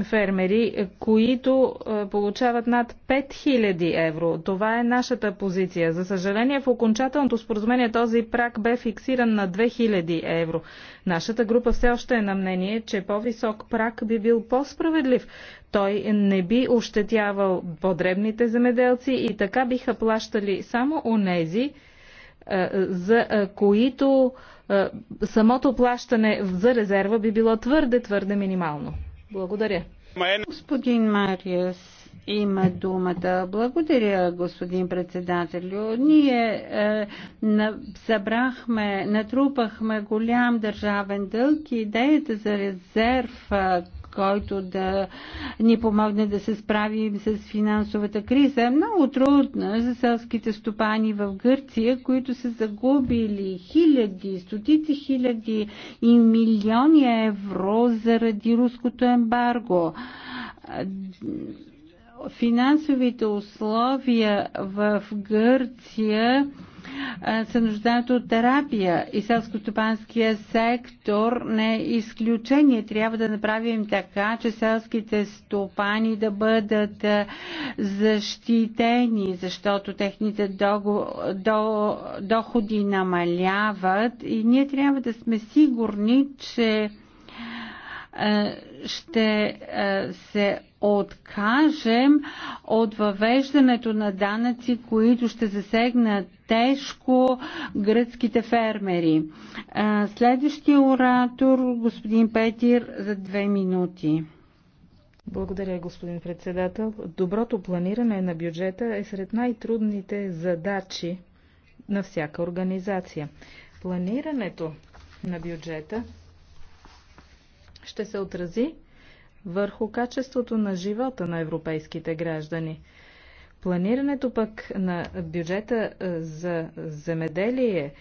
фермери, които е, получават над 5000 евро. Това е нашата позиция. За съжаление, в окончателното споразумение този прак бе фиксиран на 2000 евро. Нашата група все още е на мнение, че по-висок прак би бил по-справедлив. Той не би ощетявал подребните земеделци и така биха плащали само онези, е, за е, които самото плащане за резерва би било твърде, твърде минимално. Благодаря. Господин Мариас има думата. Благодаря, господин председател. Ние е, на, събрахме, натрупахме голям държавен дълг и идеята за резерв, е, който да ни помогне да се справим с финансовата криза, е много трудно за селските стопани в Гърция, които са загубили хиляди, стотици хиляди и милиони евро заради руското ембарго финансовите условия в Гърция се нуждаят от терапия и селско-стопанския сектор не е изключение. Трябва да направим така, че селските стопани да бъдат защитени, защото техните доходи намаляват и ние трябва да сме сигурни, че ще се откажем от въвеждането на данъци, които ще засегнат тежко гръцките фермери. Следващия оратор, господин Петир, за две минути. Благодаря, господин председател. Доброто планиране на бюджета е сред най-трудните задачи на всяка организация. Планирането на бюджета ще се отрази върху качеството на живота на европейските граждани. Планирането пък на бюджета е, за земеделие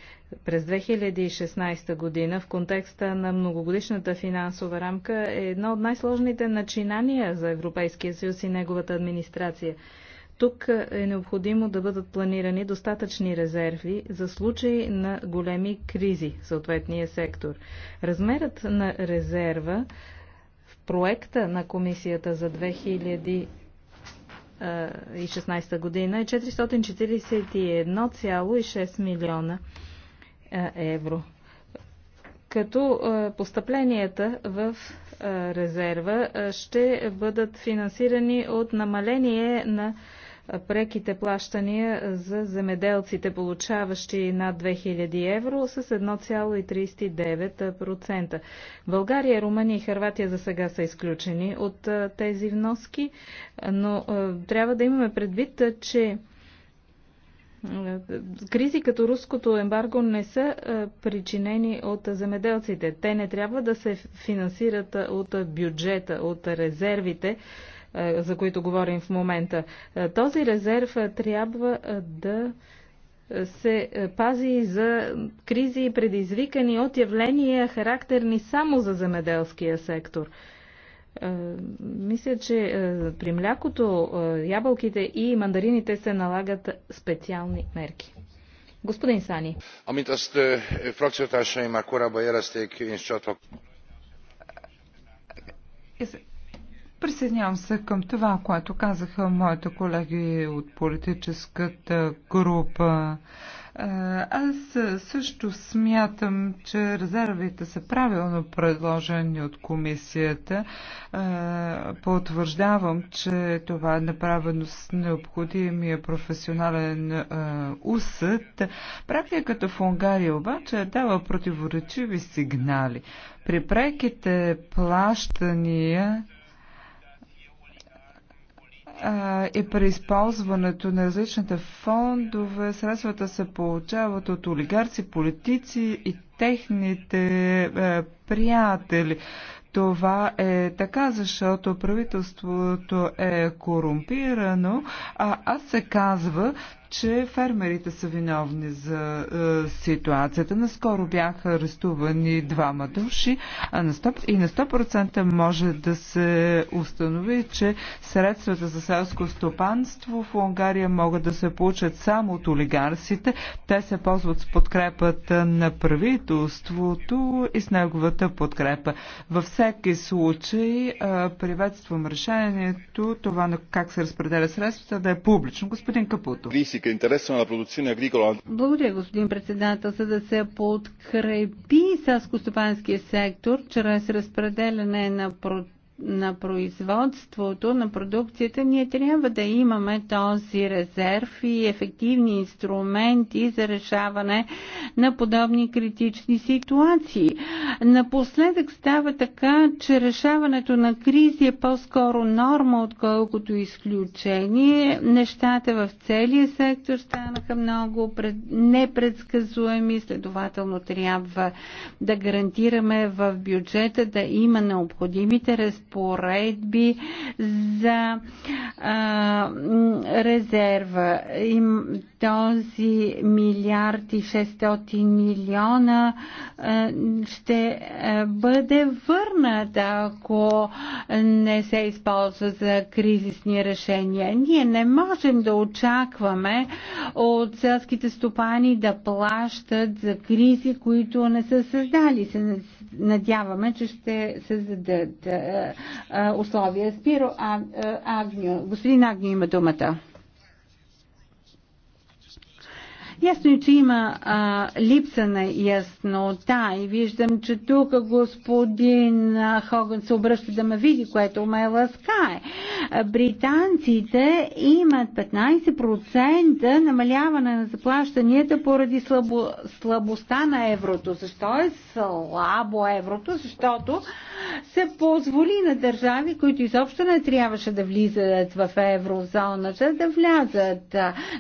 през 2016 година в контекста на многогодишната финансова рамка е едно от най-сложните начинания за Европейския съюз и неговата администрация. Тук е, е необходимо да бъдат планирани достатъчни резерви за случаи на големи кризи в съответния сектор. Размерът на резерва проекта на комисията за 2016 година е 441,6 милиона евро. Като постъпленията в резерва ще бъдат финансирани от намаление на преките плащания за земеделците, получаващи над 2000 евро, с 1,39%. България, Румъния и Харватия за сега са изключени от тези вноски, но трябва да имаме предвид, че Кризи като руското ембарго не са причинени от земеделците. Те не трябва да се финансират от бюджета, от резервите е, за които говорим в момента. Е, този резерв е, трябва да се пази за кризи, предизвикани от явления, характерни само за земеделския сектор. Мисля, че при млякото, ябълките и мандарините се налагат специални мерки. Господин Сани. Amit Присъединявам се към това, което казаха моите колеги от политическата група. Е, аз също смятам, че резервите са правилно предложени от комисията. Е, потвърждавам, че това е направено с необходимия професионален е, усъд. Практиката в Унгария обаче дава противоречиви сигнали. При преките плащания и при използването на различните фондове средствата се получават от олигарци, политици и техните е, приятели. Това е така, защото правителството е корумпирано, а аз се казва, че фермерите са виновни за е, ситуацията. Наскоро бяха арестувани двама души а на 100, и на 100% може да се установи, че средствата за селско стопанство в Унгария могат да се получат само от олигарсите. Те се ползват с подкрепата на правителството и с неговата подкрепа. Във всеки случай е, приветствам решението това на как се разпределя средствата да е публично. Господин Капуто дейности che interessano la produzione agricola. Благодаря, господин председател, за да се подкрепи селскостопанския сектор чрез разпределяне на процеса на производството, на продукцията, ние трябва да имаме този резерв и ефективни инструменти за решаване на подобни критични ситуации. Напоследък става така, че решаването на кризи е по-скоро норма, отколкото изключение. Нещата в целия сектор станаха много непредсказуеми, следователно трябва да гарантираме в бюджета да има необходимите ресурси разпоредби за а, резерва. и този милиард и 600 милиона а, ще а, бъде върнат, ако не се използва за кризисни решения. Ние не можем да очакваме от селските стопани да плащат за кризи, които не са създали. Се надяваме, че ще създадат условия. Спиро Агню. Господин Агню има думата. Ясно е, че има а, липса на яснота и виждам, че тук господин Хоган се обръща да ме види, което ме ласкае. Британците имат 15% намаляване на заплащанията поради слабо, слабостта на еврото. Защо е слабо еврото? Защото се позволи на държави, които изобщо не трябваше да влизат в еврозоната, да влязат.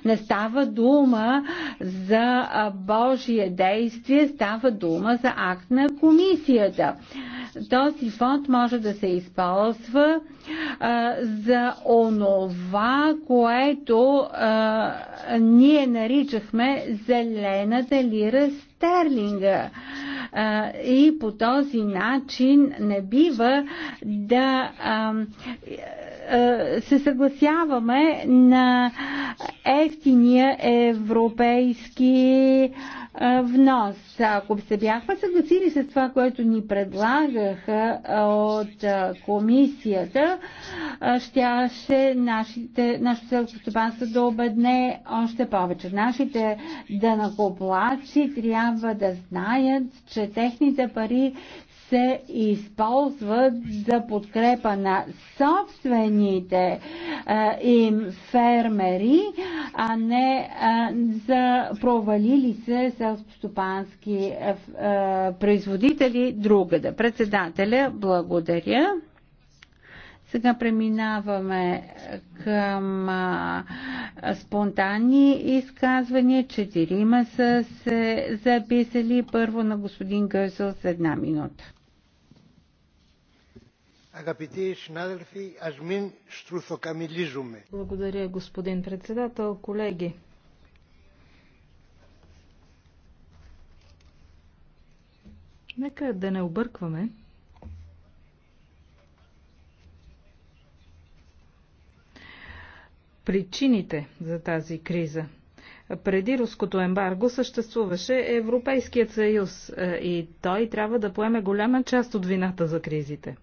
Не става дума за Божие действие, става дума за акт на комисията. Този фонд може да се използва а, за онова, което а, ние наричахме зелената лира стерлинга. И по този начин не бива да се съгласяваме на ефтиния европейски внос. Ако се бяхме съгласили с това, което ни предлагаха от комисията, щяше нашите, нашето селско стопанство да обедне още повече. Нашите данакоплаци трябва да знаят, че техните пари се използват за подкрепа на собствените а, им фермери, а не а, за провалили се селскостопански производители другаде. Председателя, благодаря. Сега преминаваме е, към а, спонтанни изказвания. Четирима са се записали. Първо на господин Гърсъл с една минута. Благодаря, господин председател. Колеги, нека да не объркваме причините за тази криза. Преди руското ембарго съществуваше Европейският съюз е, и той трябва да поеме голяма част от вината за кризите.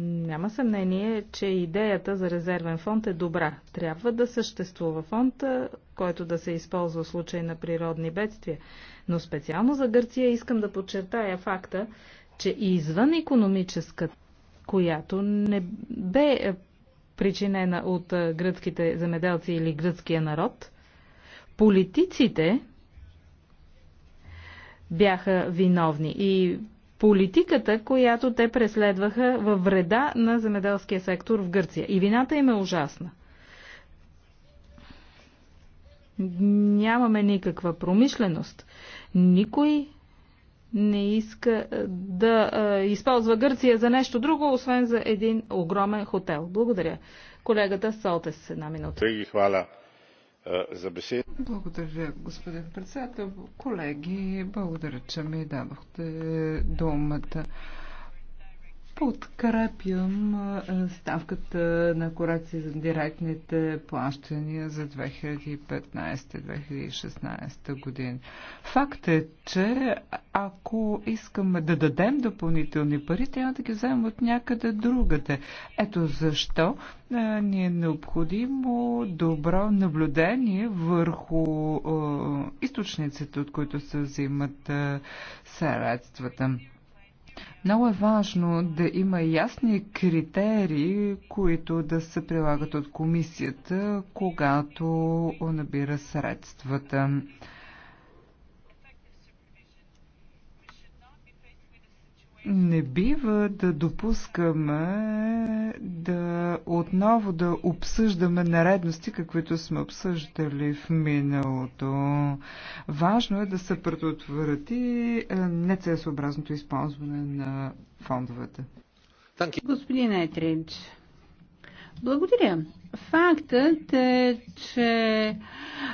Няма съмнение, че идеята за резервен фонд е добра. Трябва да съществува фонд, е, който да се използва в случай на природни бедствия. Но специално за Гърция искам да подчертая факта, че извън економическата, която не бе причинена от гръцките земеделци или гръцкия народ. Политиците бяха виновни и политиката, която те преследваха във вреда на земеделския сектор в Гърция. И вината им е ужасна. Нямаме никаква промишленост. Никой не иска е, да а, е, използва Гърция за нещо друго, освен за един огромен хотел. Благодаря. Колегата Солтес, една минута. Ви хвала е, за беседа. Благодаря, господин председател. Колеги, благодаря, че ми дадохте думата. Подкрепям ставката на корекция за директните плащания за 2015-2016 година. Факт е, че ако искаме да дадем допълнителни пари, трябва да ги вземем от някъде другаде. Ето защо ни е необходимо добро наблюдение върху източниците, от които се взимат средствата. Много е важно да има ясни критерии, които да се прилагат от комисията, когато набира средствата. Не бива да допускаме да отново да обсъждаме наредности, каквито сме обсъждали в миналото. Важно е да се предотврати нецелесообразното използване на фондовете. Господин Етрич, благодаря. Фактът е, че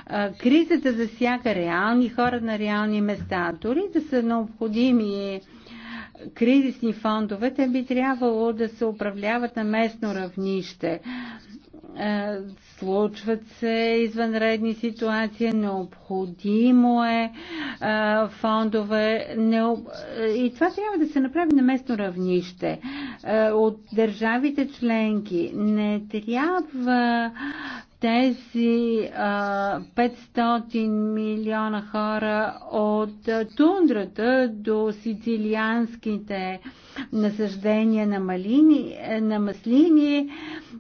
а, кризата засяга реални хора на реални места. Дори да са необходими кризисни фондове, те би трябвало да се управляват на местно равнище. Е, случват се извънредни ситуации, необходимо е, е фондове е, и това трябва да се направи на местно равнище. От държавите членки не трябва тези а, 500 милиона хора от тундрата до сицилианските насъждения на, малини, на маслини.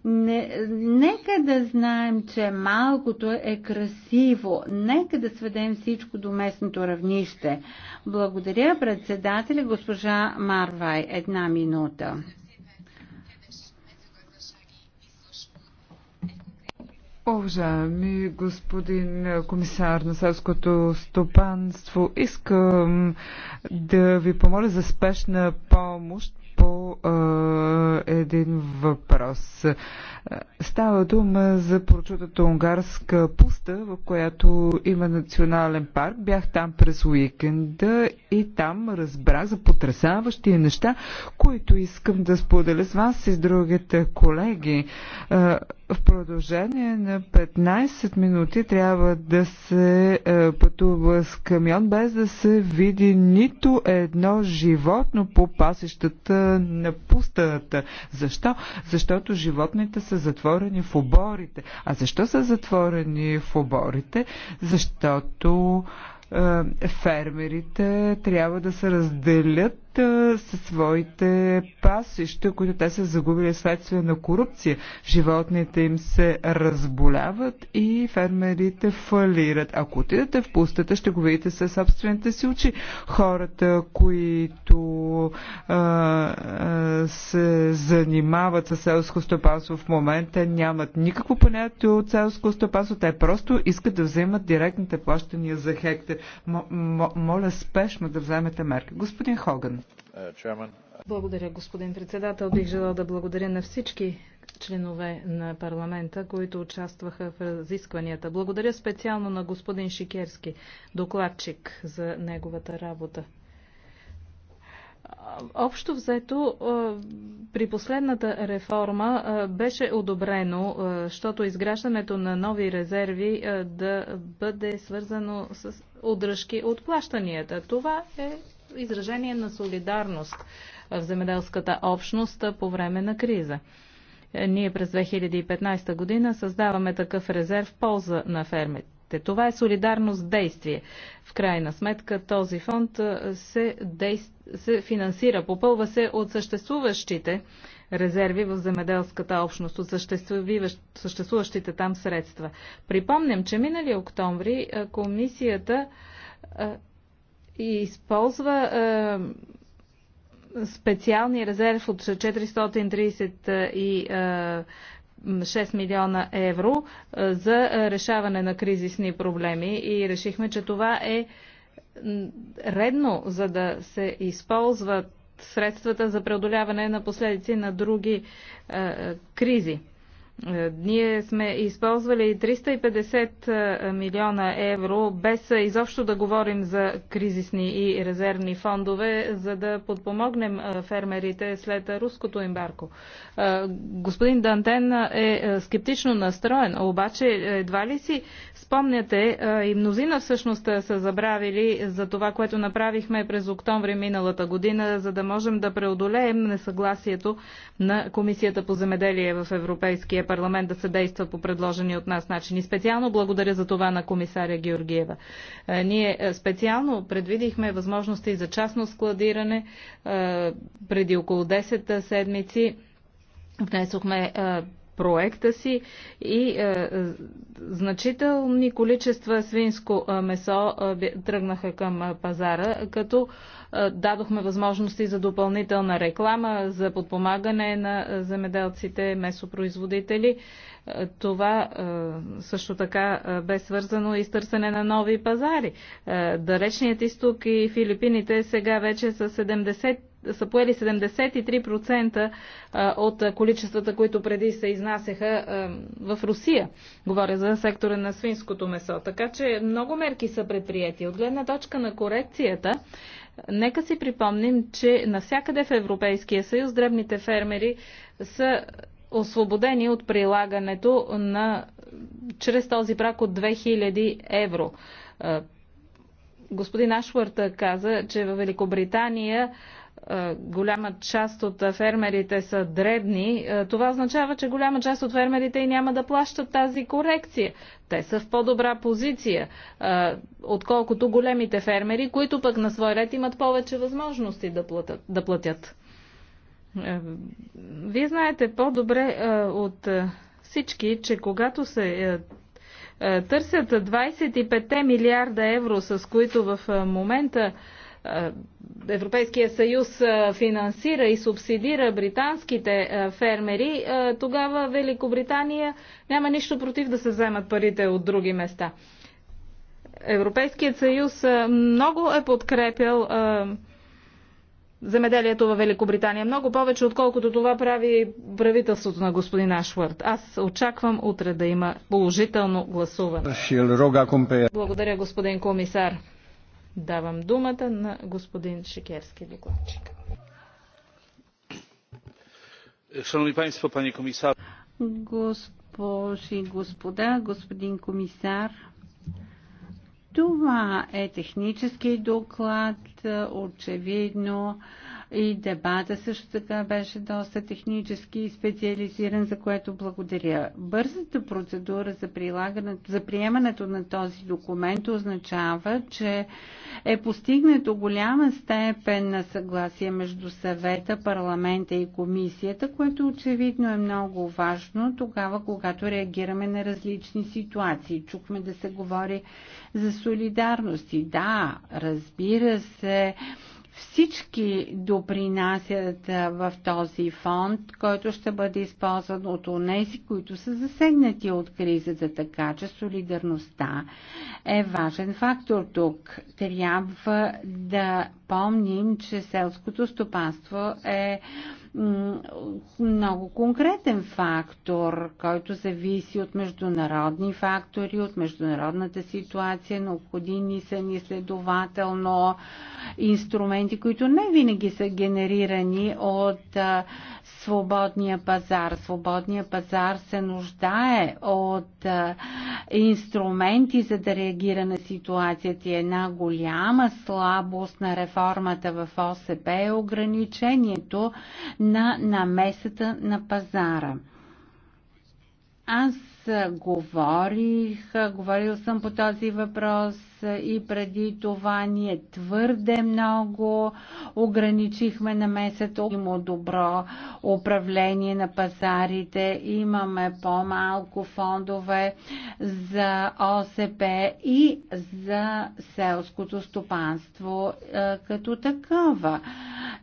Не, нека да знаем, че малкото е красиво. Нека да сведем всичко до местното равнище. Благодаря председателя госпожа Марвай. Една минута. Уважаеми господин комисар на селското стопанство, искам да ви помоля за спешна помощ по а, един въпрос. Става дума за прочутата унгарска пуста, в която има национален парк. Бях там през уикенда и там разбрах за потрясаващи неща, които искам да споделя с вас и с другите колеги. В продължение на 15 минути трябва да се пътува с камион, без да се види нито едно животно по пасещата на пустата. Защо? Защото животните са са затворени в оборите. А защо са затворени в оборите? Защото е, фермерите трябва да се разделят със своите пасища, които те са загубили следствие на корупция. Животните им се разболяват и фермерите фалират. Ако отидете в пустата, ще го видите със собствените си очи. Хората, които а, а, се занимават с селско стопанство в момента, нямат никакво понятие от селско стопанство. Те просто искат да вземат директните плащания за хектар. Моля спешно да вземете мерки. Господин Хоган. Благодаря, господин председател. Бих желал да благодаря на всички членове на парламента, които участваха в разискванията. Благодаря специално на господин Шикерски, докладчик за неговата работа. Общо взето, е, при последната реформа е, беше одобрено, защото е, изграждането на нови резерви да бъде свързано с удръжки от плащанията. Това е изражение на солидарност в земеделската общност по време на криза. Ние през 2015 година създаваме такъв резерв в полза на фермите. Това е солидарност действие. В крайна сметка този фонд се, действ... се финансира, попълва се от съществуващите резерви в земеделската общност, от съществуващите там средства. Припомням, че минали октомври комисията и използва е, специални резерв от 436 е, милиона евро е, за решаване на кризисни проблеми и решихме, че това е редно, за да се използват средствата за преодоляване на последици на други кризи. Е, ние сме използвали 350 е, милиона евро, без изобщо да говорим за кризисни и резервни фондове, за да подпомогнем е, фермерите след руското ембарко. Господин Дантен е скептично настроен, обаче едва ли си спомняте и мнозина всъщност са забравили за това, което направихме през октомври миналата година, за да можем да преодолеем несъгласието на Комисията по земеделие в Европейския Европейския парламент да съдейства по предложени от нас начини. Специално благодаря за това на комисаря Георгиева. Е, ние е, специално предвидихме възможности за частно складиране е, преди около 10 седмици. Внесохме проекта си и е, значителни количества свинско е, месо е, тръгнаха към е, пазара, като е, дадохме възможности за допълнителна реклама, за подпомагане на е, земеделците, месопроизводители. Това също така бе свързано и с търсене на нови пазари. Далечният изток и Филипините сега вече са 70 са поели 73% от количествата, които преди се изнасяха в Русия. Говоря за сектора на свинското месо. Така че много мерки са предприяти. От гледна точка на корекцията, нека си припомним, че навсякъде в Европейския съюз дребните фермери са освободени от прилагането на чрез този брак от 2000 евро. Господин Ашварта каза, че в Великобритания е, голяма част от фермерите са дребни, е, това означава, че голяма част от фермерите и няма да плащат тази корекция. Те са в по-добра позиция, е, отколкото големите фермери, които пък на свой ред имат повече възможности да платят. Да платят. Вие знаете по-добре от всички, че когато се търсят 25 милиарда евро, с които в момента е, Европейския съюз е, финансира и субсидира британските е, фермери, тогава Великобритания няма нищо против да се вземат парите от други места. Европейският съюз много е подкрепял земеделието във Великобритания. Много повече, отколкото това прави правителството на господин Ашвард. Аз очаквам утре да има положително гласуване. Благодаря, господин комисар. Давам думата на господин Шикерски докладчик. Шановни панство, пани комисар. Госпожи, господа, господин комисар, това е технически доклад. Очевидно и дебата също така беше доста технически и специализиран, за което благодаря. Бързата процедура за, прилагането, за приемането на този документ означава, че е постигнато голяма степен на съгласие между съвета, парламента и комисията, което очевидно е много важно тогава, когато реагираме на различни ситуации. Чухме да се говори за солидарност и да, разбира се, всички допринасят в този фонд, който ще бъде използван от онези, които са засегнати от кризата, така че солидарността е важен фактор тук. Трябва да припомним, че селското стопанство е много конкретен фактор, който зависи от международни фактори, от международната ситуация. Необходими са ни следователно инструменти, които не винаги са генерирани от а, свободния пазар. Свободния пазар се нуждае от а, инструменти, за да реагира на ситуацията. Една голяма слабост на реформата реформата в ОСП е ограничението на намесата на пазара. Аз говорих, говорил съм по този въпрос и преди това ние твърде много ограничихме на месето. Има добро управление на пазарите, имаме по-малко фондове за ОСП и за селското стопанство е, като такава.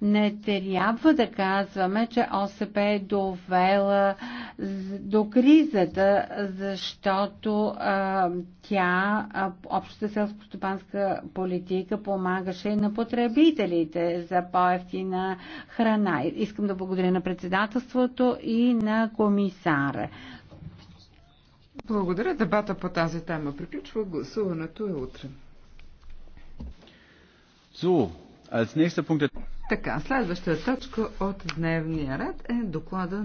Не трябва да казваме, че ОСП е довела до кризата, защото а, е, тя, а, е, общата селско селско-стопанска политика помагаше и на потребителите за по-ефтина храна. Искам да благодаря на председателството и на комисара. Благодаря. Дебата по тази тема приключва. Гласуването е утре. So, als Punkt... Така, следващата точка от дневния ред е доклада